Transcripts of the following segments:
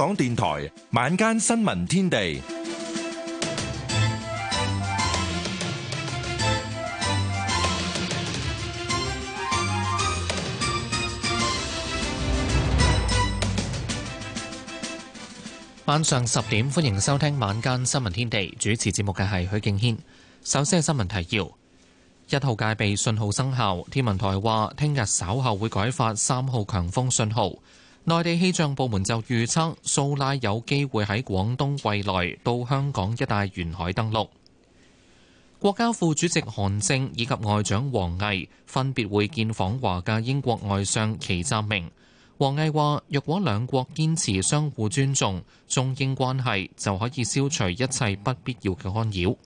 .港電台晚間新聞天地，晚上十點，歡迎收聽晚間新聞天地。主持節目嘅係許敬軒。首先係新聞提要：一號戒備信號生效，天文台話聽日稍後會改發三號強風信號。內地氣象部門就預測，蘇拉有機會喺廣東未來到香港一帶沿海登陸。國家副主席韓正以及外長王毅分別會見訪華嘅英國外相祁澤明。王毅話：若果兩國堅持相互尊重，中英關係就可以消除一切不必要嘅干擾。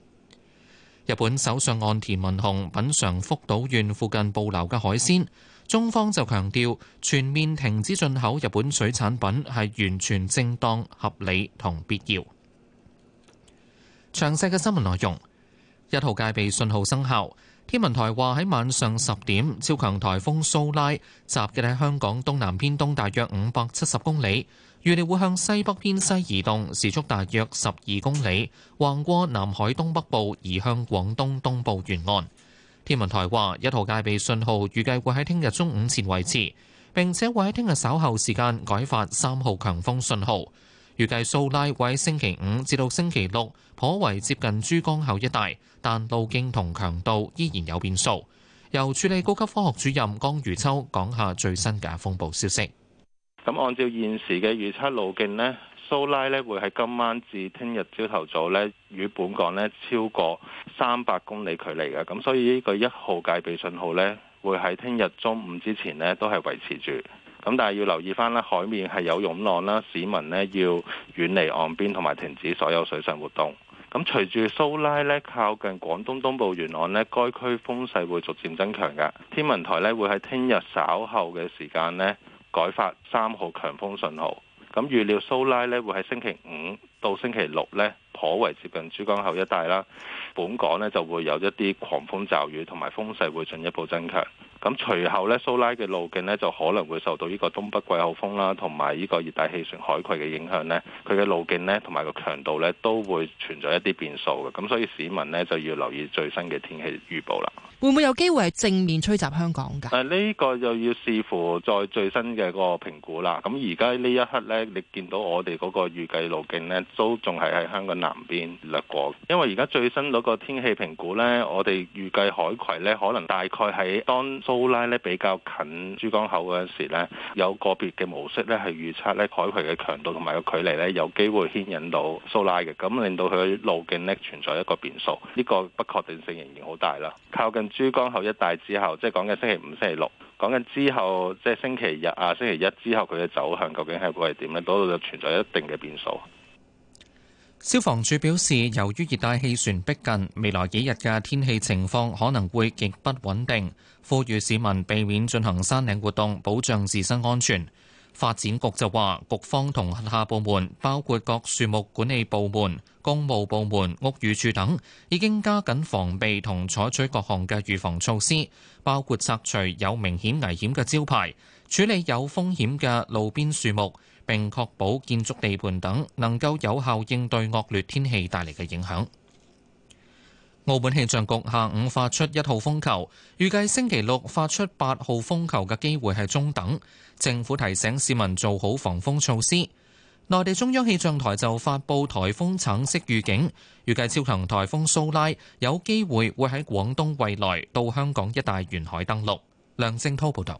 日本首相岸田文雄品嚐福島縣附近捕撈嘅海鮮。中方就強調，全面停止進口日本水產品係完全正當、合理同必要。詳細嘅新聞內容，一號戒備信號生效。天文台話喺晚上十點，超強颱風蘇拉集結喺香港東南偏東大約五百七十公里，預料會向西北偏西移動，時速大約十二公里，橫過南海東北部，移向廣東東部沿岸。天文台話，一號戒備信號預計會喺聽日中午前維持，並且會喺聽日稍後時間改發三號強風信號。預計蘇拉位星期五至到星期六，頗為接近珠江口一帶，但路徑同強度依然有變數。由處理高級科學主任江如秋講下最新嘅風暴消息。咁按照現時嘅預測路徑呢。蘇拉咧會喺今晚至聽日朝頭早咧與本港咧超過三百公里距離嘅，咁所以呢個一號戒備信號咧會喺聽日中午之前咧都係維持住，咁但係要留意返咧海面係有湧浪啦，市民咧要遠離岸邊同埋停止所有水上活動。咁隨住蘇拉咧靠近廣東東部沿岸咧，該區風勢會逐漸增強嘅。天文台咧會喺聽日稍後嘅時間咧改發三號強風信號。咁預料蘇拉呢會喺星期五到星期六呢，頗為接近珠江口一帶啦。本港呢，就會有一啲狂風驟雨同埋風勢會進一步增強。咁隨後呢，蘇拉嘅路徑呢，就可能會受到呢個東北季候風啦，同埋呢個熱帶氣旋海葵嘅影響呢，佢嘅路徑呢，同埋個強度呢，都會存在一啲變數嘅。咁所以市民呢，就要留意最新嘅天氣預報啦。會唔會有機會係正面吹襲香港噶？誒、啊、呢、這個又要視乎在最新嘅個評估啦。咁而家呢一刻呢，你見到我哋嗰個預計路徑呢，都仲係喺香港南邊掠過。因為而家最新嗰個天氣評估呢，我哋預計海葵呢，可能大概喺當蘇拉呢比較近珠江口嗰陣時呢，有個別嘅模式呢，係預測海葵嘅強度同埋個距離呢，有機會牽引到蘇拉嘅，咁令到佢路徑呢，存在一個變數，呢、這個不確定性仍然好大啦。靠近。珠江口一帶之後，即係講緊星期五、星期六，講緊之後，即係星期日啊、星期一之後佢嘅走向究竟係會係點咧？嗰度就存在一定嘅變數。消防處表示，由於熱帶氣旋逼近，未來幾日嘅天氣情況可能會極不穩定，呼籲市民避免進行山嶺活動，保障自身安全。發展局就話，局方同轄下部門包括各樹木管理部門、公務部門、屋宇署等，已經加緊防備同採取各項嘅預防措施，包括拆除有明顯危險嘅招牌、處理有風險嘅路邊樹木，並確保建築地盤等能夠有效應對惡劣天氣帶嚟嘅影響。澳門氣象局下午發出一號風球，預計星期六發出八號風球嘅機會係中等。政府提醒市民做好防風措施。內地中央氣象台就發佈颱風橙色預警，預計超強颱風蘇拉有機會會喺廣東惠來到香港一帶沿海登陸。梁正滔報導。.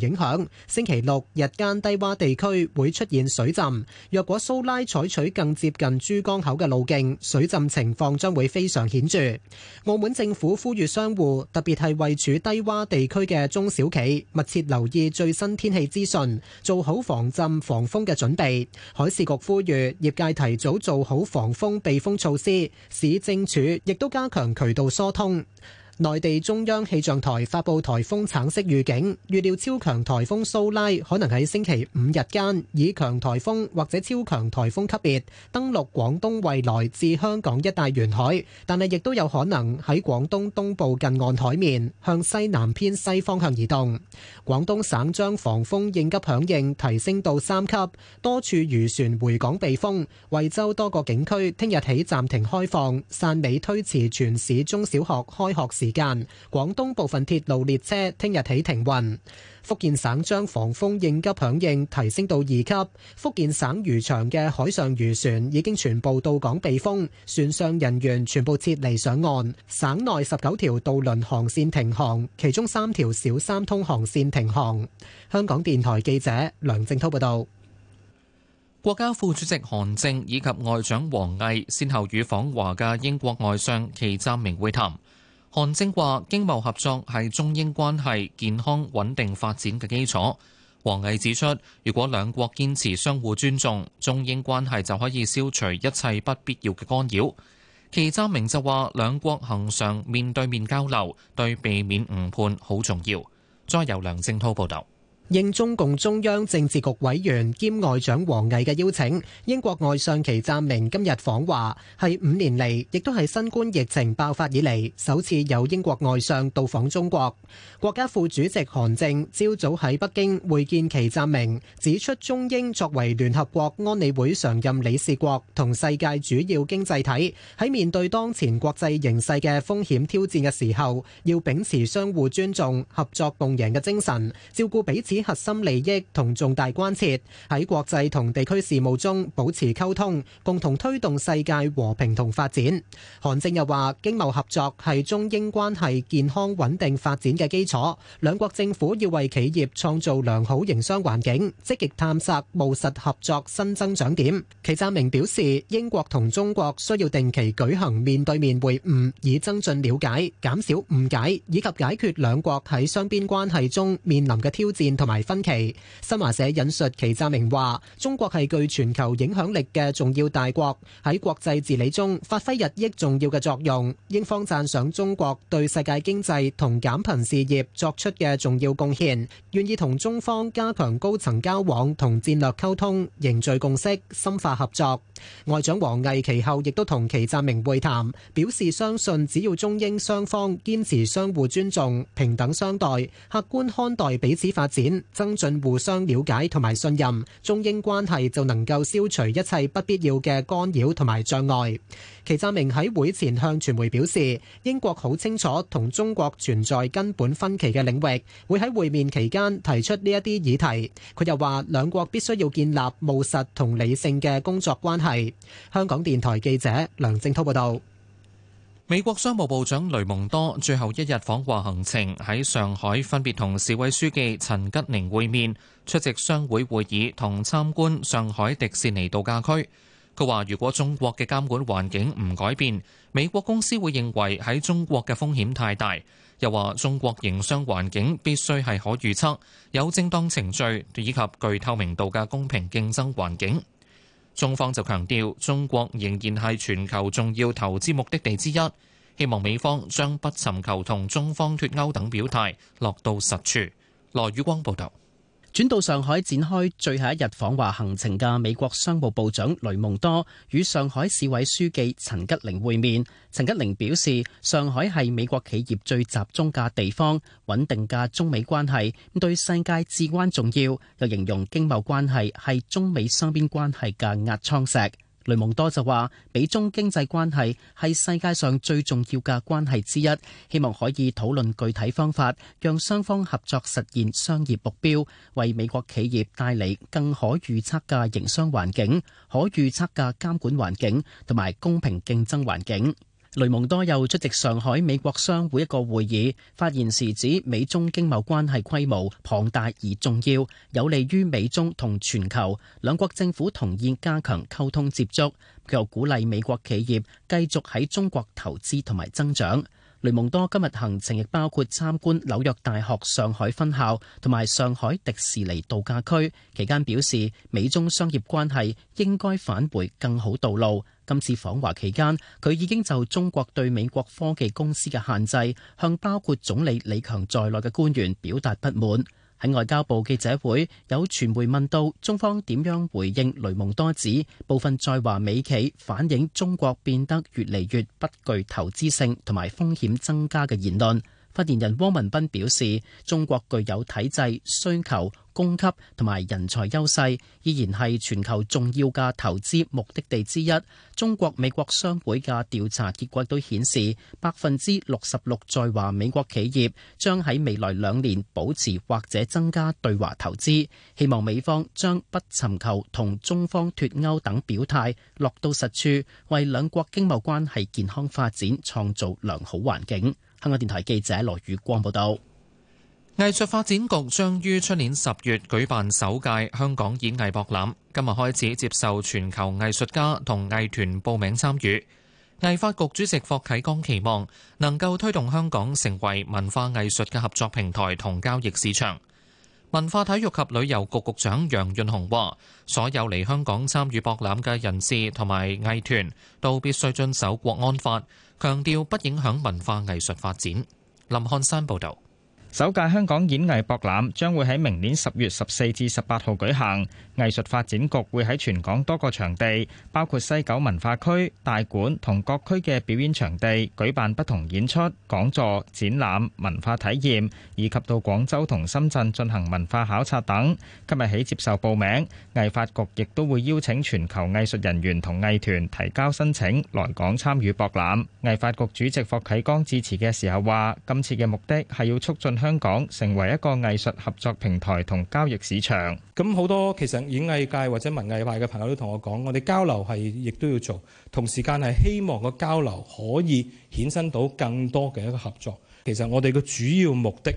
影響星期六日間低窪地區會出現水浸，若果蘇拉採取更接近珠江口嘅路徑，水浸情況將會非常顯著。澳門政府呼籲商戶，特別係位處低窪地區嘅中小企，密切留意最新天氣資訊，做好防浸防風嘅準備。海事局呼籲業界提早做好防風避風措施，市政署亦都加強渠道疏通。內地中央氣象台發布颱風橙色預警，預料超強颱風蘇拉可能喺星期五日間以強颱風或者超強颱風級別登陸廣東惠來至香港一帶沿海，但係亦都有可能喺廣東東部近岸海面向西南偏西方向移動。廣東省將防風應急響應提升到三級，多處漁船回港避風。惠州多個景區聽日起暫停開放，汕尾推遲全市中小學開學時間廣東部分鐵路列車聽日起停運，福建省將防風應急響應提升到二級。福建省漁場嘅海上漁船已經全部到港避風，船上人員全部撤離上岸。省內十九條渡輪航線停航，其中三條小三通航線停航。香港電台記者梁正濤報道。國家副主席韓正以及外長王毅先後與訪華嘅英國外相祁湛明會談。韓正話：經貿合作係中英關係健康穩定發展嘅基礎。王毅指出，如果兩國堅持相互尊重，中英關係就可以消除一切不必要嘅干擾。祁佔明就話，兩國恆常面對面交流，對避免誤判好重要。再由梁正濤報道。應中共中央政治局委員兼外長王毅嘅邀請，英國外相祁湛明今日訪華，係五年嚟，亦都係新冠疫情爆發以嚟首次有英國外相到訪中國。國家副主席韓正朝早喺北京會見祁湛明，指出中英作為聯合國安理會常任理事國同世界主要經濟體，喺面對當前國際形勢嘅風險挑戰嘅時候，要秉持相互尊重、合作共贏嘅精神，照顧彼此核心利益同重大關切，喺國際同地區事務中保持溝通，共同推動世界和平同發展。韓正又話，經貿合作係中英關係健康穩定發展嘅基礎，兩國政府要為企業創造良好營商環境，積極探索務實合作新增長點。祁贊明表示，英國同中國需要定期舉行面對面會晤，以增進了解、減少誤解以及解決兩國喺雙邊關係中面臨嘅挑戰同埋。埋分歧。新華社引述其澤明話：中國係具全球影響力嘅重要大國，喺國際治理中發揮日益重要嘅作用。英方讚賞中國對世界經濟同減貧事業作出嘅重要貢獻，願意同中方加強高層交往同戰略溝通，凝聚共識，深化合作。外長王毅其後亦都同其澤明會談，表示相信只要中英雙方堅持相互尊重、平等相待、客觀看待彼此發展，增進互相了解同埋信任，中英關係就能夠消除一切不必要嘅干擾同埋障礙。祁贊明喺會前向傳媒表示，英國好清楚同中國存在根本分歧嘅領域，會喺會面期間提出呢一啲議題。佢又話，兩國必須要建立務實同理性嘅工作關係。香港電台記者梁正濤報道。美國商務部長雷蒙多最後一日訪華行程喺上海分別同市委書記陳吉寧會面，出席商會會議同參觀上海迪士尼度假區。佢話：如果中國嘅監管環境唔改變，美國公司會認為喺中國嘅風險太大。又話中國營商環境必須係可預測、有正當程序以及具透明度嘅公平競爭環境。中方就強調，中國仍然係全球重要投資目的地之一，希望美方將不尋求同中方脫鉤等表態落到實處。羅宇光報道。轉到上海展開最後一日訪華行程嘅美國商務部長雷蒙多與上海市委書記陳吉寧會面。陳吉寧表示，上海係美國企業最集中嘅地方，穩定嘅中美關係對世界至關重要，又形容經貿關係係中美雙邊關係嘅壓艙石。雷蒙多就話，美中經濟關係係世界上最重要嘅關係之一，希望可以討論具體方法，讓雙方合作實現商業目標，為美國企業帶嚟更可預測嘅營商環境、可預測嘅監管環境同埋公平競爭環境。雷蒙多又出席上海美國商會一個會議，發言時指美中經貿關係規模龐大而重要，有利於美中同全球，兩國政府同意加強溝通接觸。佢又鼓勵美國企業繼續喺中國投資同埋增長。雷蒙多今日行程亦包括參觀紐約大學上海分校同埋上海迪士尼度假區，期間表示美中商業關係應該返回更好道路。今次訪華期間，佢已經就中國對美國科技公司嘅限制，向包括總理李強在內嘅官員表達不滿。喺外交部記者會，有傳媒問到中方點樣回應雷蒙多指部分在華美企反映中國變得越嚟越不具投資性同埋風險增加嘅言論。發言人汪文斌表示，中國具有體制需求、供給同埋人才優勢，依然係全球重要嘅投資目的地之一。中國美國商會嘅調查結果都顯示，百分之六十六在華美國企業將喺未來兩年保持或者增加對華投資。希望美方將不尋求同中方脱歐等表態落到實處，為兩國經貿關係健康發展創造良好環境。香港電台記者羅宇光報道。藝術發展局將於出年十月舉辦首屆香港演藝博覽，今日開始接受全球藝術家同藝團報名參與。藝發局主席霍啟剛期望能夠推動香港成為文化藝術嘅合作平台同交易市場。文化體育及旅遊局局長楊潤雄話，所有嚟香港參與博覽嘅人士同埋藝團都必須遵守國安法，強調不影響文化藝術發展。林漢山報道。首屆香港演藝博覽將會喺明年十月十四至十八號舉行，藝術發展局會喺全港多個場地，包括西九文化區、大館同各區嘅表演場地，舉辦不同演出、講座、展覽、文化體驗，以及到廣州同深圳進行文化考察等。今日起接受報名，藝發局亦都會邀請全球藝術人員同藝團提交申請來港參與博覽。藝發局主席霍啟剛致辭嘅時候話：今次嘅目的係要促進。香港成為一個藝術合作平台同交易市場，咁好多其實演藝界或者文藝界嘅朋友都同我講，我哋交流係亦都要做，同時間係希望個交流可以衍生到更多嘅一個合作。其實我哋嘅主要目的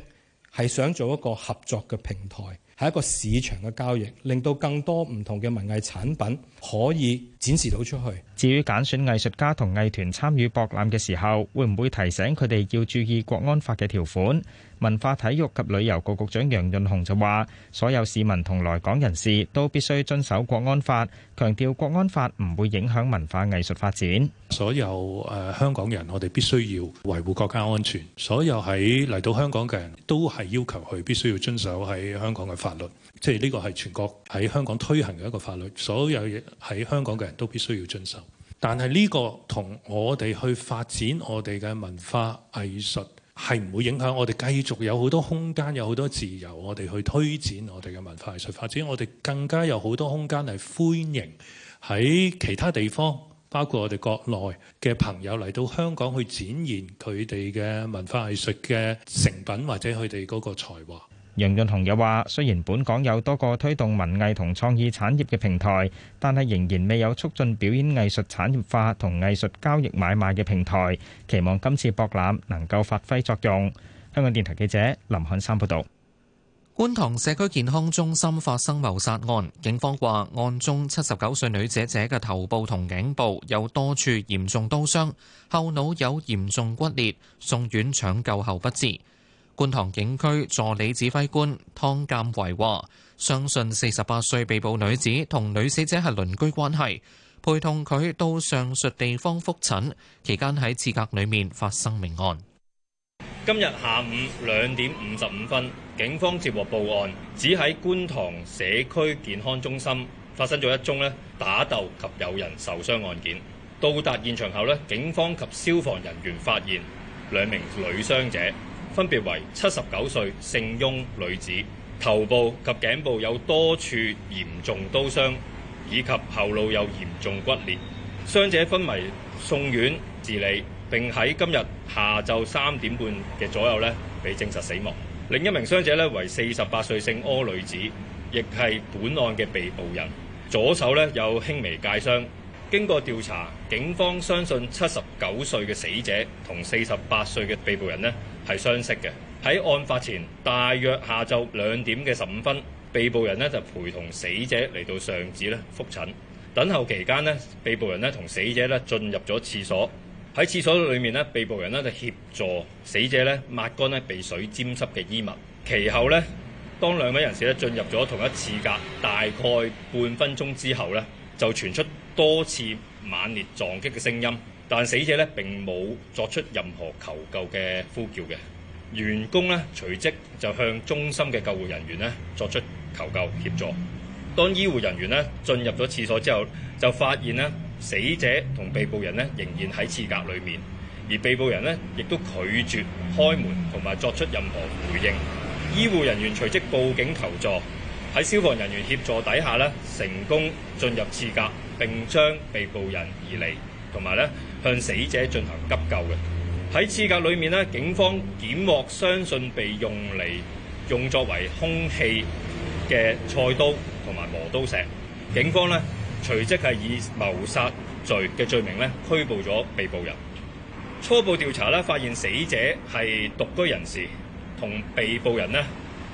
係想做一個合作嘅平台，係一個市場嘅交易，令到更多唔同嘅文藝產品可以。展示到出去。至於揀選藝術家同藝團參與博覽嘅時候，會唔會提醒佢哋要注意國安法嘅條款？文化體育及旅遊局局長楊潤雄就話，所有市民同來港人士都必須遵守國安法，強調國安法唔會影響文化藝術發展。所有誒香港人，我哋必須要維護國家安全。所有喺嚟到香港嘅人都係要求佢必須要遵守喺香港嘅法律。即係呢個係全國喺香港推行嘅一個法律，所有喺香港嘅人都必須要遵守。但係呢個同我哋去發展我哋嘅文化藝術，係唔會影響我哋繼續有好多空間，有好多自由，我哋去推展我哋嘅文化藝術發展。我哋更加有好多空間，係歡迎喺其他地方，包括我哋國內嘅朋友嚟到香港去展現佢哋嘅文化藝術嘅成品或者佢哋嗰個才華。楊潤雄又話：雖然本港有多個推動文藝同創意產業嘅平台，但係仍然未有促進表演藝術產業化同藝術交易買賣嘅平台。期望今次博覽能夠發揮作用。香港電台記者林漢山報道。觀塘社區健康中心發生謀殺案，警方話案中七十九歲女姐姐嘅頭部同頸部有多處嚴重刀傷，後腦有嚴重骨裂，送院搶救後不治。觀塘警區助理指揮官湯鑑維話，相信四十八歲被捕女子同女死者係鄰居關係，陪同佢到上述地方復診期間喺廁格裏面發生命案。今日下午兩點五十五分，警方接獲報案，只喺觀塘社區健康中心發生咗一宗咧打鬥及有人受傷案件。到達現場後咧，警方及消防人員發現兩名女傷者。分別為七十九歲姓翁女子，頭部及頸部有多處嚴重刀傷，以及後腦有嚴重骨裂。傷者昏迷送院治理，並喺今日下晝三點半嘅左右咧被證實死亡。另一名傷者咧為四十八歲姓柯女子，亦係本案嘅被捕人，左手咧有輕微界傷。經過調查，警方相信七十九歲嘅死者同四十八歲嘅被捕人呢係相識嘅。喺案發前大約下晝兩點嘅十五分，被捕人呢就陪同死者嚟到上址咧復診。等候期間呢，被捕人呢同死者呢進入咗廁所。喺廁所裏面呢，被捕人呢就協助死者呢抹乾被水沾濕嘅衣物。其後呢，當兩位人士呢進入咗同一廁格，大概半分鐘之後呢，就傳出多次猛烈撞擊嘅聲音，但死者咧並冇作出任何求救嘅呼叫。嘅員工咧，隨即就向中心嘅救護人員呢作出求救協助。當醫護人員咧進入咗廁所之後，就發現呢死者同被捕人呢仍然喺廁格裏面，而被捕人咧亦都拒絕開門同埋作出任何回應。醫護人員隨即報警求助，喺消防人員協助底下呢，成功進入廁格。並將被捕人移離，同埋咧向死者進行急救嘅。喺屍格裏面咧，警方檢獲相信被用嚟用作為兇器嘅菜刀同埋磨刀石。警方咧隨即係以謀殺罪嘅罪名咧拘捕咗被捕人。初步調查咧發現死者係獨居人士，同被捕人咧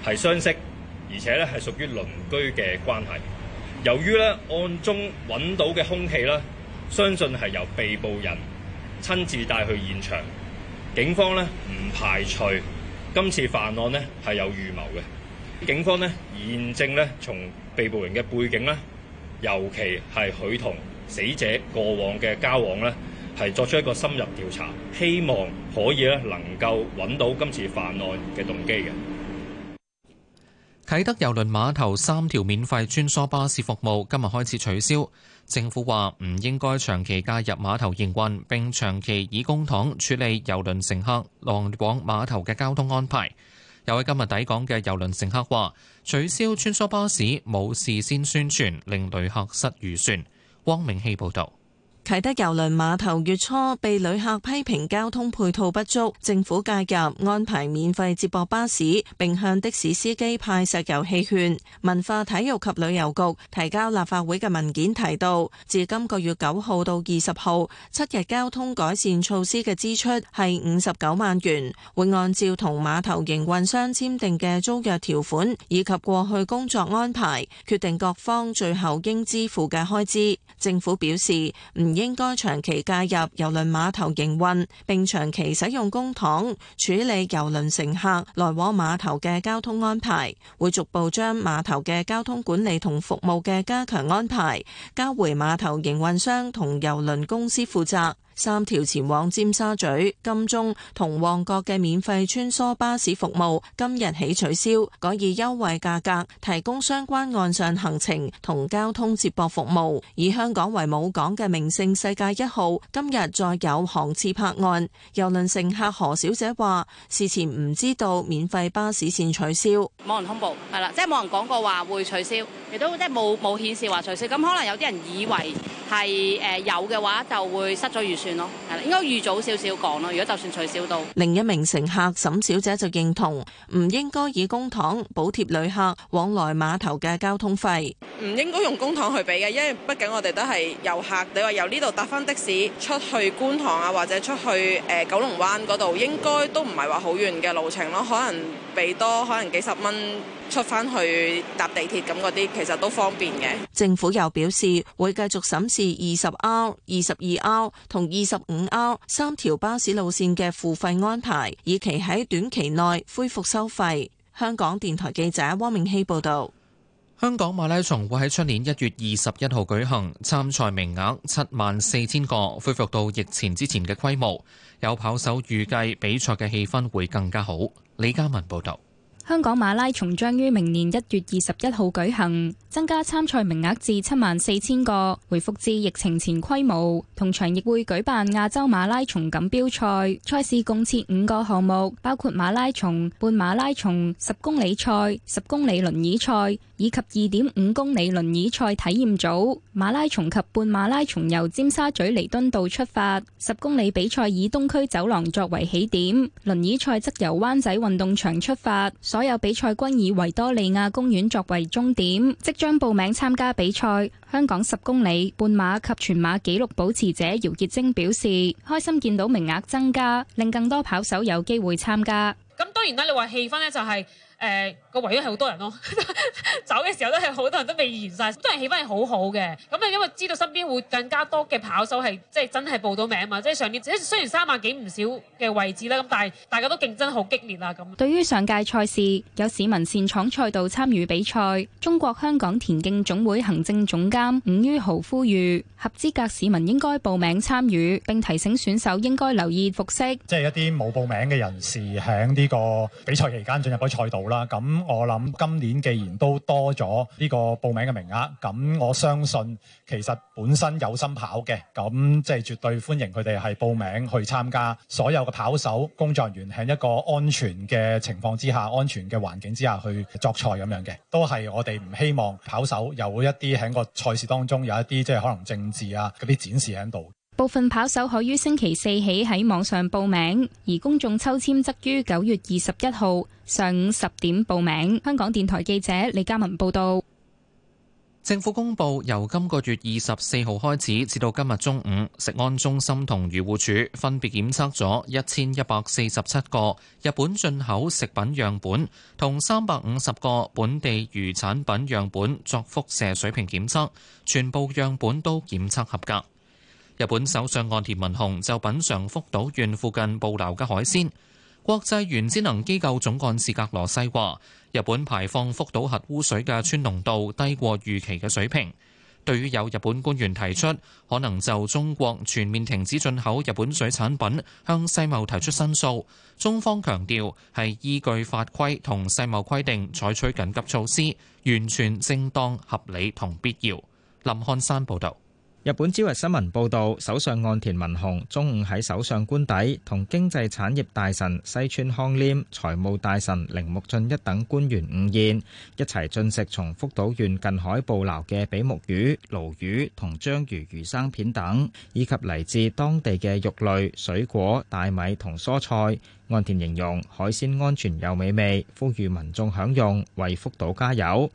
係相識，而且咧係屬於鄰居嘅關係。由於咧案中揾到嘅凶器咧，相信係由被捕人親自帶去現場。警方咧唔排除今次犯案咧係有預謀嘅。警方咧現正咧從被捕人嘅背景咧，尤其係佢同死者過往嘅交往咧，係作出一個深入調查，希望可以咧能夠揾到今次犯案嘅動機嘅。啟德郵輪碼頭三條免費穿梭巴士服務今日開始取消，政府話唔應該長期加入碼頭營運，並長期以公帑處理郵輪乘客來往碼頭嘅交通安排。有位今日抵港嘅郵輪乘客話，取消穿梭巴士冇事先宣傳，令旅客失預算。汪明希報道。啟德郵輪碼頭月初被旅客批評交通配套不足，政府介入安排免費接駁巴士，並向的士司機派石油氣券。文化體育及旅遊局提交立法會嘅文件提到，自今個月九號到二十號七日交通改善措施嘅支出係五十九萬元，會按照同碼頭營運商簽訂嘅租約條款以及過去工作安排，決定各方最後應支付嘅開支。政府表示唔應該長期介入郵輪碼頭營運，並長期使用公帑處理郵輪乘客來往碼頭嘅交通安排，會逐步將碼頭嘅交通管理同服務嘅加強安排交回碼頭營運商同郵輪公司負責。三條前往尖沙咀、金鐘同旺角嘅免費穿梭巴士服務今日起取消，改以優惠價格提供相關岸上行程同交通接駁服務。以香港為母港嘅名勝世界一號今日再有航次泊岸。遊輪乘客何小姐話，事前唔知道免費巴士線取消，冇人通報。係啦，即係冇人講過話會取消，亦都即係冇冇顯示話取消。咁可能有啲人以為係誒有嘅話就會失咗預算。咯，應該預早少少講咯。如果就算取消到，另一名乘客沈小姐就認同，唔應該以公帑補貼旅客往來碼頭嘅交通費。唔應該用公帑去俾嘅，因為畢竟我哋都係遊客。你話由呢度搭翻的士出去觀塘啊，或者出去誒、呃、九龍灣嗰度，應該都唔係話好遠嘅路程咯，可能俾多可能幾十蚊。出翻去搭地鐵咁嗰啲，其實都方便嘅。政府又表示會繼續審視二十 R、二十二 R 同二十五 R 三條巴士路線嘅付費安排，以期喺短期內恢復收費。香港電台記者汪明熙報導。香港馬拉松會喺出年一月二十一號舉行，參賽名額七萬四千個，恢復到疫情之前嘅規模。有跑手預計比賽嘅氣氛會更加好。李嘉文報導。香港馬拉松將於明年一月二十一號舉行，增加參賽名額至七萬四千個，回復至疫情前規模。同場亦會舉辦亞洲馬拉松錦標賽，賽事共設五個項目，包括馬拉松、半馬拉松、十公里賽、十公里輪椅賽以及二點五公里輪椅賽體驗組。馬拉松及半馬拉松由尖沙咀彌敦道出發，十公里比賽以東區走廊作為起點，輪椅賽則由灣仔運動場出發。所有比賽均以維多利亞公園作為終點。即將報名參加比賽，香港十公里、半馬及全馬紀錄保持者姚潔貞表示：開心見到名額增加，令更多跑手有機會參加。咁當然啦、就是，你話氣氛呢，就係誒。個位繞係好多人咯、哦，走嘅時候都係好多人都未完晒，都係然氣氛係好好嘅。咁啊，因為知道身邊會更加多嘅跑手係即係真係報到名嘛，即係上年，即係雖然三萬幾唔少嘅位置啦，咁但係大家都競爭好激烈啦咁。對於上屆賽事，有市民擅闖賽道參與比賽，中國香港田徑總會行政總監伍於豪呼籲合資格市民應該報名參與，並提醒選手應該留意服飾。即係一啲冇報名嘅人士喺呢個比賽期間進入嗰個賽道啦，咁。我諗今年既然都多咗呢個報名嘅名額，咁我相信其實本身有心跑嘅，咁即係絕對歡迎佢哋係報名去參加所有嘅跑手工作人員喺一個安全嘅情況之下、安全嘅環境之下去作賽咁樣嘅，都係我哋唔希望跑手有一啲喺個賽事當中有一啲即係可能政治啊嗰啲展示喺度。部分跑手可於星期四起喺網上報名，而公眾抽籤則於九月二十一號上午十點報名。香港電台記者李嘉文報道，政府公布由今個月二十四號開始至到今日中午，食安中心同漁護署分別檢測咗一千一百四十七個日本進口食品樣本同三百五十個本地漁產品樣本作輻射水平檢測，全部樣本都檢測合格。日本首相岸田文雄就品嘗福島縣附近捕撈嘅海鮮。國際原子能機構總幹事格羅西話，日本排放福島核污水嘅氚濃度低過預期嘅水平。對於有日本官員提出可能就中國全面停止進口日本水產品，向世貿提出申訴，中方強調係依據法規同世貿規定採取緊急措施，完全正當合理同必要。林漢山報道。日本朝日新聞報導，首相岸田文雄中午喺首相官邸同經濟產業大臣西村康稔、財務大臣鈴木俊一等官員午宴，一齊進食從福島縣近海捕撈嘅比目魚、鱸魚同章魚魚生片等，以及嚟自當地嘅肉類、水果、大米同蔬菜。岸田形容海鮮安全又美味，呼籲民眾享用，為福島加油。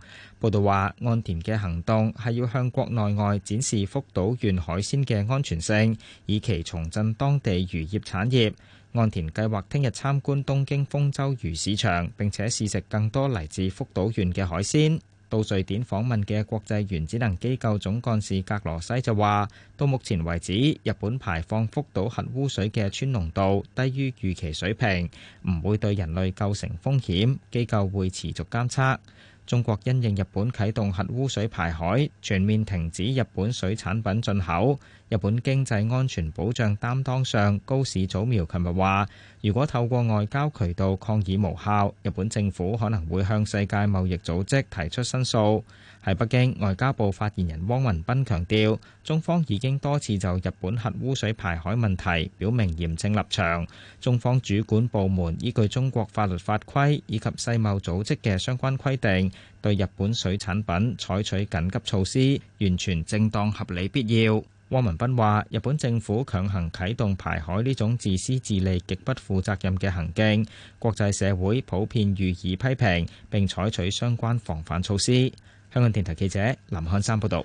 報道話，岸田嘅行動係要向國內外展示福島縣海鮮嘅安全性，以期重振當地漁業產業。岸田計劃聽日參觀東京豐洲魚市場，並且試食更多嚟自福島縣嘅海鮮。到瑞典訪問嘅國際原子能機構總幹事格羅西就話，到目前為止，日本排放福島核污水嘅氚濃度低於預期水平，唔會對人類構成風險。機構會持續監測。中國因應日本啟動核污水排海，全面停止日本水產品進口。日本經濟安全保障擔當上，高市早苗琴日話，如果透過外交渠道抗議無效，日本政府可能會向世界貿易組織提出申訴。喺北京，外交部發言人汪文斌強調，中方已經多次就日本核污水排海問題表明嚴正立場，中方主管部門依據中國法律法規以及世貿組織嘅相關規定，對日本水產品採取緊急措施，完全正當、合理、必要。汪文斌話日本政府強行啟動排海呢種自私自利、極不負責任嘅行徑，國際社會普遍予以批評，并采取相關防範措施。香港電台記者林漢山報道。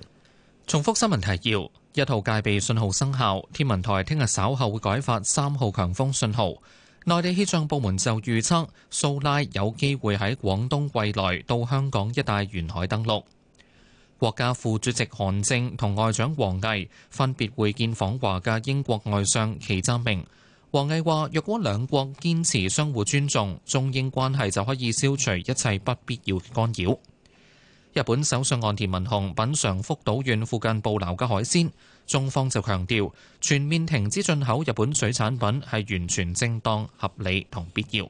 重複新聞提要：一號戒備信號生效，天文台聽日稍後會改發三號強風信號。內地氣象部門就預測，蘇拉有機會喺廣東桂來到香港一帶沿海登陸。國家副主席韓正同外長王毅分別會見訪華嘅英國外相祁湛明。王毅話：若果兩國堅持相互尊重，中英關係就可以消除一切不必要嘅干擾。日本首相岸田文雄品嚐福島縣附近捕撈嘅海鮮，中方就強調全面停止進口日本水產品係完全正當、合理同必要。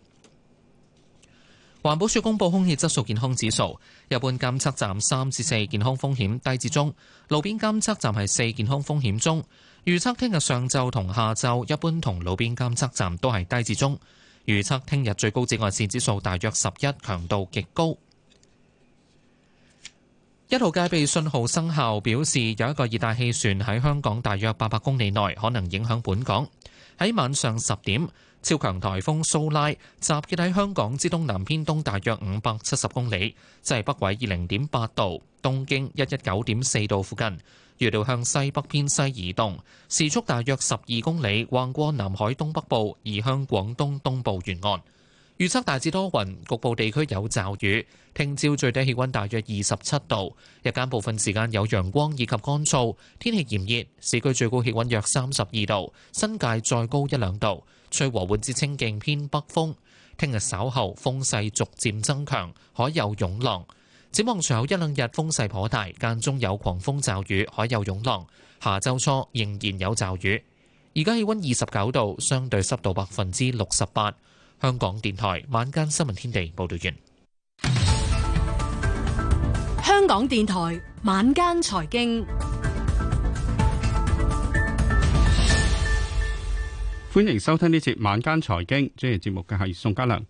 環保署公布空氣質素健康指數，一般監測站三至四，健康風險低至中，路邊監測站係四，健康風險中。預測聽日上晝同下晝一般同路邊監測站都係低至中。預測聽日最高紫外線指數大約十一，強度極高。一號戒備信號生效，表示有一個熱帶氣旋喺香港大約八百公里內可能影響本港。喺晚上十點，超強颱風蘇拉集結喺香港之東南偏東大約五百七十公里，即係北緯二零點八度、東經一一九點四度附近，預料向西北偏西移動，時速大約十二公里，橫過南海東北部，移向廣東東部沿岸。預測大致多雲，局部地區有驟雨。聽朝最低氣溫大約二十七度，日間部分時間有陽光以及乾燥，天氣炎熱。市區最高氣温約三十二度，新界再高一兩度。吹和緩至清勁偏北風。聽日稍後風勢逐漸增強，海有湧浪。展望隨後一兩日風勢頗大，間中有狂風驟雨，海有湧浪。下周初仍然有驟雨。而家氣温二十九度，相對濕度百分之六十八。香港電台晚間新聞天地報道完。香港電台晚間財經，歡迎收聽呢節晚間財經。主持節目嘅係宋嘉良。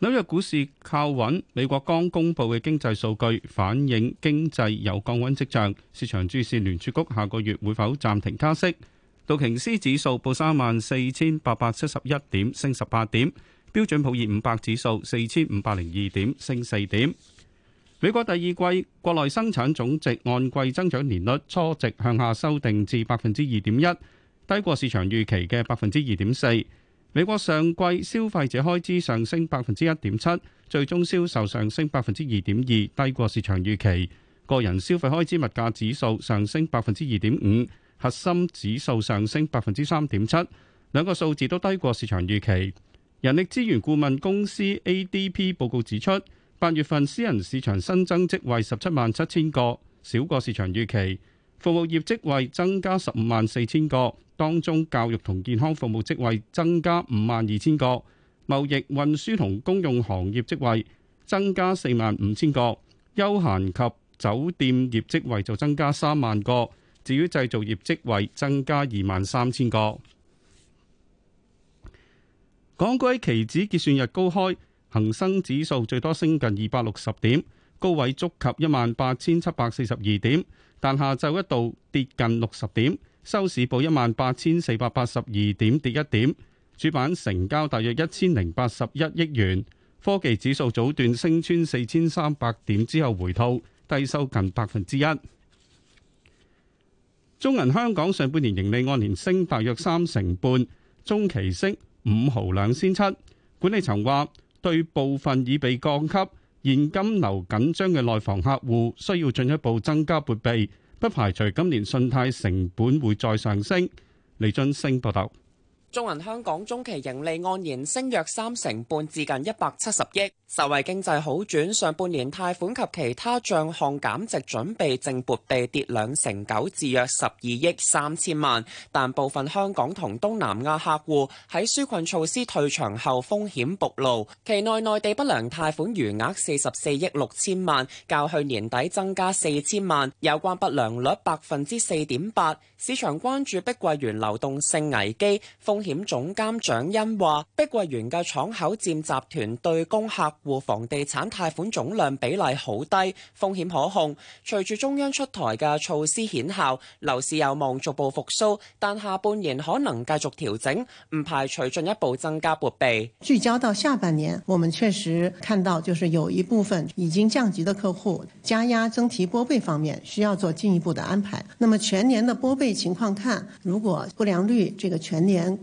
紐約股市靠穩，美國剛公佈嘅經濟數據反映經濟有降溫跡象，市場注視聯儲局下個月會否暫停加息。道瓊斯指數報三萬四千八百七十一點，升十八點；標準普爾五百指數四千五百零二點，升四點。美國第二季國內生產總值按季增長年率初值向下修訂至百分之二點一，低過市場預期嘅百分之二點四。美國上季消費者開支上升百分之一點七，最終銷售上升百分之二點二，低過市場預期。個人消費開支物價指數上升百分之二點五。核心指數上升百分之三點七，兩個數字都低過市場預期。人力資源顧問公司 ADP 報告指出，八月份私人市場新增職位十七萬七千個，少過市場預期。服務業職位增加十五萬四千個，當中教育同健康服務職位增加五萬二千個，貿易運輸同公用行業職位增加四萬五千個，休閒及酒店業職位就增加三萬個。至於製造業職位增加二萬三千個，港股喺期指結算日高開，恒生指數最多升近二百六十點，高位觸及一萬八千七百四十二點，但下晝一度跌近六十點，收市報一萬八千四百八十二點，跌一點。主板成交大約一千零八十一億元。科技指數早段升穿四千三百點之後回吐，低收近百分之一。中銀香港上半年盈利按年升大約三成半，中期升五毫兩仙七。管理層話，對部分已被降級、現金流緊張嘅內房客戶，需要進一步增加撥備，不排除今年信貸成本會再上升。李俊升報道。中銀香港中期盈利按年升約三成半，至近一百七十億。受惠經濟好轉，上半年貸款及其他賬項減值準備淨撥備跌兩成九，至約十二億三千萬。但部分香港同東南亞客戶喺紓困措施退場後風險暴露，期內內地不良貸款餘額四十四億六千萬，較去年底增加四千萬，有關不良率百分之四點八。市場關注碧桂園流動性危機，風險總監蔣恩話：碧桂園嘅敞口佔集團對公客戶房地產貸款總量比例好低，風險可控。隨住中央出台嘅措施顯效，樓市有望逐步復蘇，但下半年可能繼續調整，唔排除進一步增加撥備。聚焦到下半年，我們確實看到就是有一部分已經降級的客戶，加壓增提撥備方面需要做進一步的安排。那麼全年的撥備情況看，如果不良率這個全年。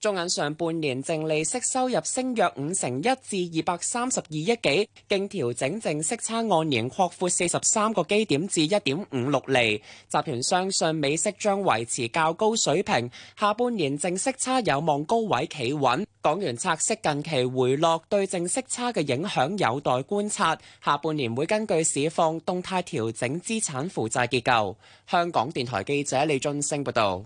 中銀上半年淨利息收入升約五成一至二百三十二億幾，經調整淨息差按年擴闊四十三個基點至一點五六厘。集團相信美息將維持較高水平，下半年淨息差有望高位企穩。港元拆息近期回落，對淨息差嘅影響有待觀察。下半年會根據市況動態調整資產負債結構。香港電台記者李俊升報導。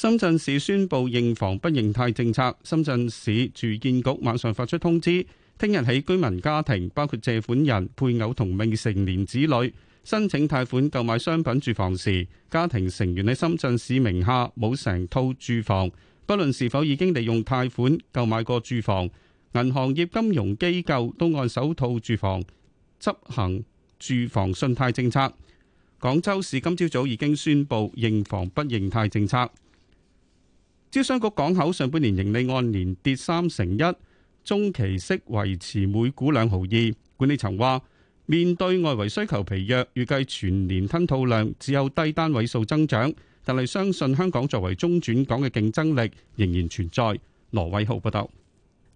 深圳市宣布認房不認貸政策。深圳市住建局馬上發出通知，聽日起，居民家庭包括借款人、配偶同未成年子女申請貸款購買商品住房時，家庭成員喺深圳市名下冇成套住房，不論是否已經利用貸款購買過住房，銀行業金融機構都按首套住房執行住房信貸政策。廣州市今朝早已經宣布認房不認貸政策。招商局港口上半年盈利按年跌三成一，中期息維持每股兩毫二。管理層話，面對外圍需求疲弱，預計全年吞吐量只有低單位數增長，但係相信香港作為中轉港嘅競爭力仍然存在。羅偉浩報道。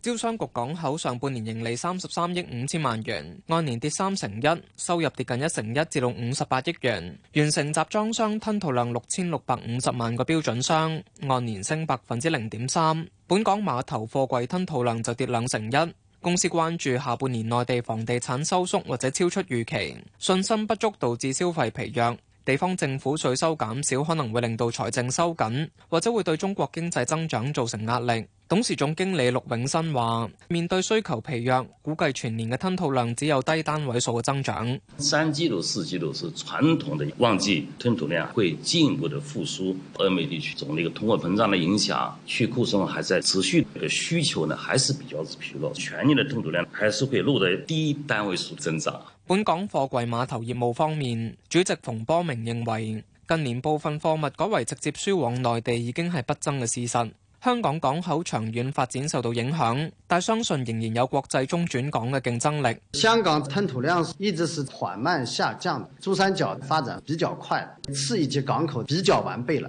招商局港口上半年盈利三十三億五千萬元，按年跌三成一，收入跌近一成一，至到五十八億元，完成集裝箱吞吐量六千六百五十萬個標準箱，按年升百分之零點三。本港碼頭貨櫃吞吐量就跌兩成一。公司關注下半年內地房地產收縮或者超出預期，信心不足導致消費疲弱，地方政府稅收減少可能會令到財政收緊，或者會對中國經濟增長造成壓力。董事總經理陸永新話：面對需求疲弱，估計全年嘅吞吐量只有低單位數嘅增長。三季度、四季度是傳統的旺季，吞吐量會進一步的復甦。歐美地區受呢個通貨膨脹嘅影響，去庫存還在持續，需求呢還是比較疲弱，全年嘅吞吐量還是會錄得低單位數增長。本港貨櫃碼頭業務方面，主席馮波明認為，近年部分貨物改為直接輸往內地，已經係不爭嘅事實。香港港口長遠發展受到影響，但相信仍然有國際中轉港嘅競爭力。香港吞吐量一直是緩慢下降，珠三角發展比較快，次一級港口比較完備了。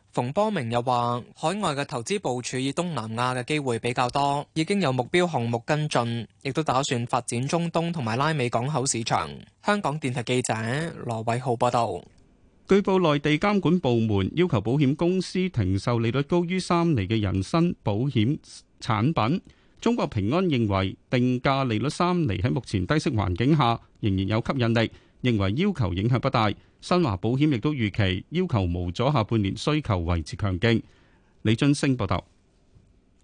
馮波明又話，海外嘅投資部署以東南亞嘅機會比較多，已經有目標項目跟進，亦都打算發展中東同埋拉美港口市場。香港電台記者羅偉浩報道。據報，內地監管部門要求保險公司停售利率高於三厘嘅人身保險產品。中國平安認為，定價利率三厘喺目前低息環境下仍然有吸引力，認為要求影響不大。新華保險亦都預期，要求冇咗下半年需求維持強勁。李俊升報道。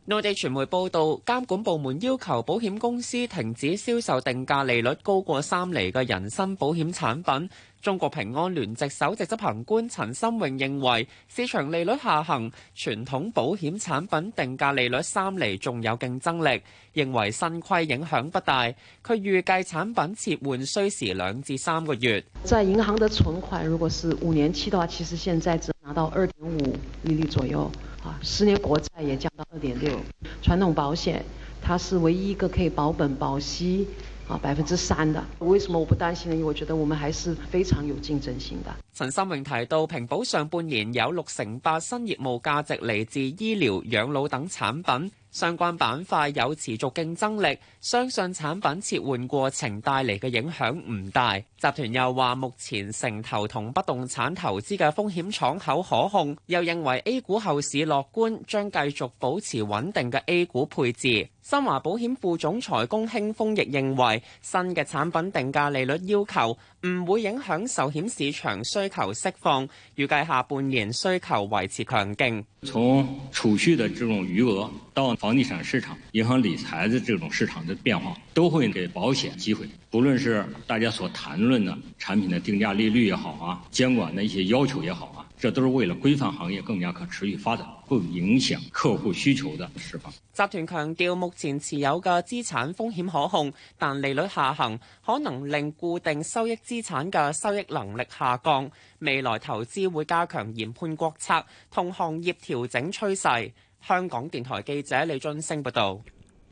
內地傳媒報道，監管部門要求保險公司停止銷售定價利率高過三厘嘅人身保險產品。中國平安聯席首席執行官陳心穎認為，市場利率下行，傳統保險產品定價利率三厘仲有競爭力，認為新規影響不大。佢預計產品切換需時兩至三個月。在銀行的存款，如果是五年期的話，其實現在只拿到二點五利率左右，啊，十年國債也降到二點六。傳統保險，它是唯一一個可以保本保息。啊！百分之三的，為什麼我不擔心呢？因為我覺得我們還是非常有競爭性的。陳心穎提到，平保上半年有六成八新業務價值嚟自醫療、養老等產品，相關板塊有持續競爭力，相信產品切換過程帶嚟嘅影響唔大。集團又話，目前城投同不動產投資嘅風險敞口可控，又認為 A 股後市樂觀，將繼續保持穩定嘅 A 股配置。新華保險副總裁龔興峰亦認為，新嘅產品定價利率要求唔會影響壽險市場需求釋放，預計下半年需求維持強勁。從儲蓄的這種餘額到房地產市場、銀行理財的這種市場的變化。都會給保險機會，不論是大家所談論的產品的定價利率也好啊，監管的一些要求也好啊，這都是為了規範行業更加可持續發展，不影響客戶需求的釋放。集團強調，目前持有嘅資產風險可控，但利率下行可能令固定收益資產嘅收益能力下降。未來投資會加強研判國策同行業調整趨勢。香港電台記者李俊升報道。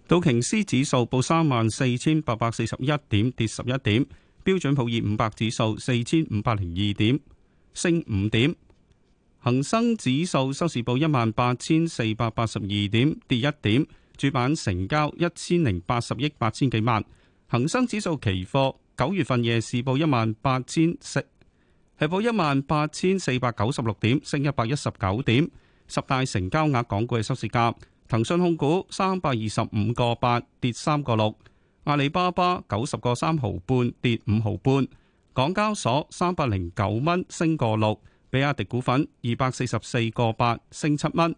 道瓊斯指數報三萬四千八百四十一點，跌十一點；標準普爾五百指數四千五百零二點，升五點；恒生指數收市報一萬八千四百八十二點，跌一點；主板成交一千零八十億八千幾萬；恒生指數期貨九月份夜市報一萬八千四係報一萬八千四百九十六點，升一百一十九點；十大成交額港股嘅收市價。騰訊控股三百二十五個八跌三個六，阿里巴巴九十個三毫半跌五毫半，港交所三百零九蚊升個六，比亞迪股份二百四十四個八升七蚊，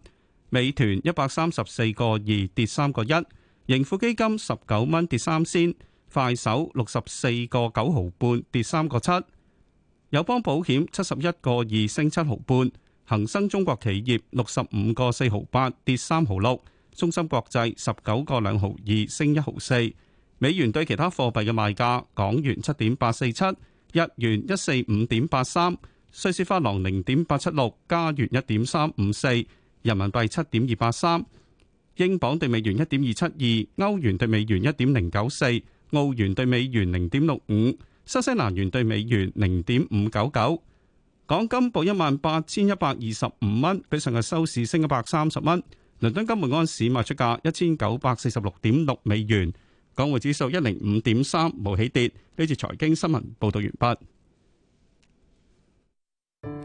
美團一百三十四個二跌三個一，盈富基金十九蚊跌三仙，快手六十四個九毫半跌三個七，友邦保險七十一個二升七毫半。恒生中國企業六十五個四毫八跌三毫六，中芯國際十九個兩毫二升一毫四。美元對其他貨幣嘅賣價：港元七點八四七，日元一四五點八三，瑞士法郎零點八七六，加元一點三五四，人民幣七點二八三，英鎊對美元一點二七二，歐元對美元一點零九四，澳元對美元零點六五，新西蘭元對美元零點五九九。港金報一萬八千一百二十五蚊，比上日收市升一百三十蚊。倫敦金每盎司賣出價一千九百四十六點六美元。港匯指數一零五點三，冇起跌。呢節財經新聞報道完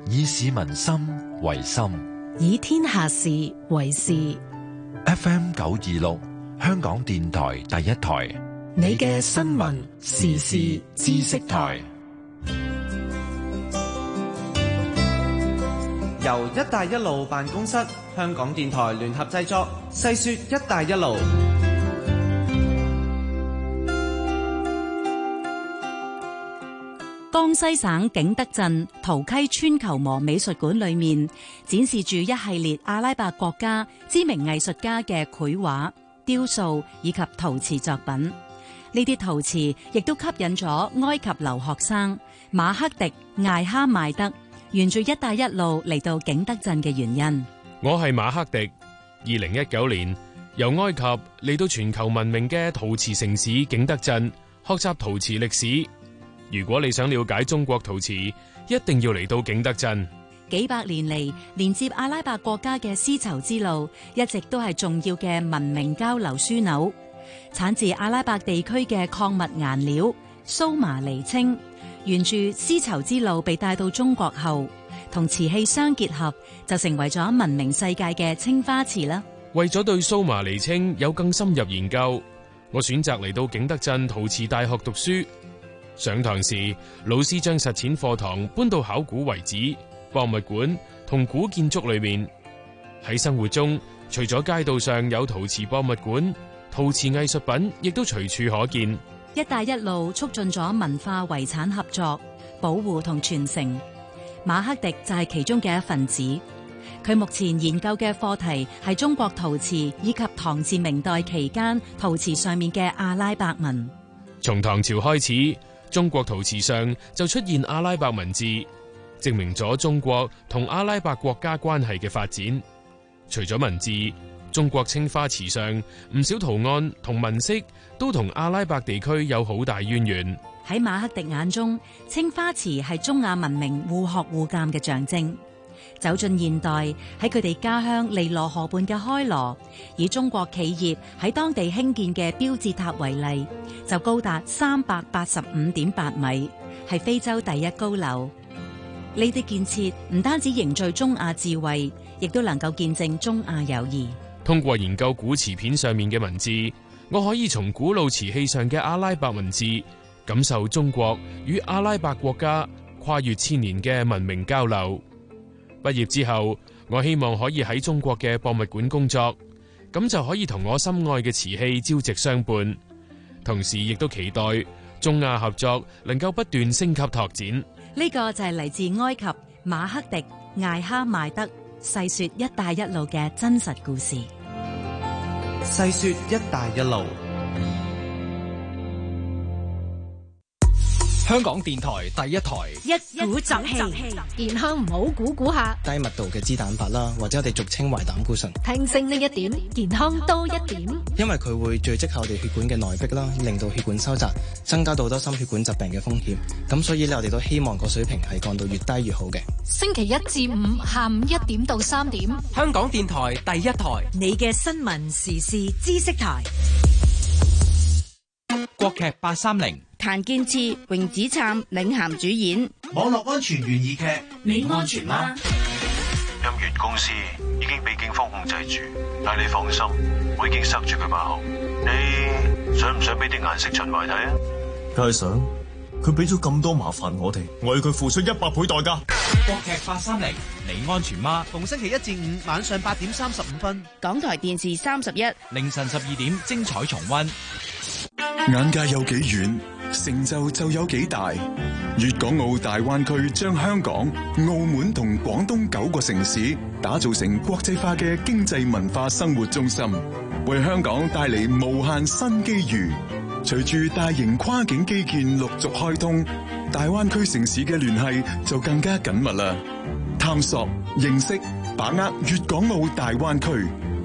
畢。以市民心為心，以天下事為事。F M 九二六，香港電台第一台，你嘅新聞時事知識台。由“一帶一路”辦公室、香港電台聯合製作，細説“一帶一路”。江西省景德鎮陶溪川球磨美術館裏面展示住一系列阿拉伯國家知名藝術家嘅繪畫、雕塑以及陶瓷作品。呢啲陶瓷亦都吸引咗埃及留學生馬克迪艾哈邁德。沿住一帶一路嚟到景德鎮嘅原因，我係馬克迪。二零一九年由埃及嚟到全球聞名嘅陶瓷城市景德鎮學習陶瓷歷史。如果你想了解中國陶瓷，一定要嚟到景德鎮。幾百年嚟連接阿拉伯國家嘅絲綢之路一直都係重要嘅文明交流樞紐。產自阿拉伯地區嘅礦物顏料蘇麻離青。沿著絲綢之路被帶到中國後，同瓷器相結合，就成為咗文明世界嘅青花瓷啦。為咗對蘇麻離青有更深入研究，我選擇嚟到景德鎮陶瓷大學讀書。上堂時，老師將實踐課堂搬到考古遺址、博物館同古建築裏面。喺生活中，除咗街道上有陶瓷博物館，陶瓷藝術品亦都隨處可見。“一帶一路”促進咗文化遺產合作、保護同傳承。馬克迪就係其中嘅一份子。佢目前研究嘅課題係中國陶瓷以及唐至明代期間陶瓷上面嘅阿拉伯文。從唐朝開始，中國陶瓷上就出現阿拉伯文字，證明咗中國同阿拉伯國家關係嘅發展。除咗文字，中國青花瓷上唔少圖案同紋飾都同阿拉伯地區有好大淵源。喺馬克迪眼中，青花瓷係中阿文明互學互鑒嘅象徵。走進現代，喺佢哋家鄉尼羅河畔嘅開羅，以中國企業喺當地興建嘅標誌塔為例，就高達三百八十五點八米，係非洲第一高樓。呢啲建設唔單止凝聚中阿智慧，亦都能夠見證中阿友誼。通過研究古瓷片上面嘅文字，我可以從古老瓷器上嘅阿拉伯文字，感受中國與阿拉伯國家跨越千年嘅文明交流。畢業之後，我希望可以喺中國嘅博物館工作，咁就可以同我心愛嘅瓷器朝夕相伴。同時，亦都期待中亞合作能夠不斷升級拓展。呢個就係嚟自埃及馬克迪艾哈邁德。細說“一帶一路”嘅真實故事。細說“一帶一路”。香港電台第一台，一鼓作氣，健康唔好估估下。低密度嘅脂蛋白啦，或者我哋俗稱壞膽固醇，聽聲呢一點，健康多一點。因為佢會聚積喺我哋血管嘅內壁啦，令到血管收窄，增加到好多心血管疾病嘅風險。咁所以咧，我哋都希望個水平係降到越低越好嘅。星期一至五下午一點到三點，香港電台第一台，你嘅新聞時事知識台。劇八三零，譚建次、榮子燦領銜主演。網絡安全懸疑劇，你安全嗎？音源公司已經被警方控制住，但你放心，我已經塞住佢把口。你想唔想俾啲顏色秦埋睇啊？梗係想，佢俾咗咁多麻煩我哋，我要佢付出一百倍代價。國劇八三零，你安全嗎？逢星期一至五晚上八點三十五分，港台電視三十一，凌晨十二點精彩重温。眼界有幾遠，成就就有幾大。粵港澳大灣區將香港、澳門同廣東九個城市打造成國際化嘅經濟文化生活中心，為香港帶嚟無限新機遇。隨住大型跨境基建陸續開通，大灣區城市嘅聯繫就更加緊密啦。探索、認識、把握粵港澳大灣區。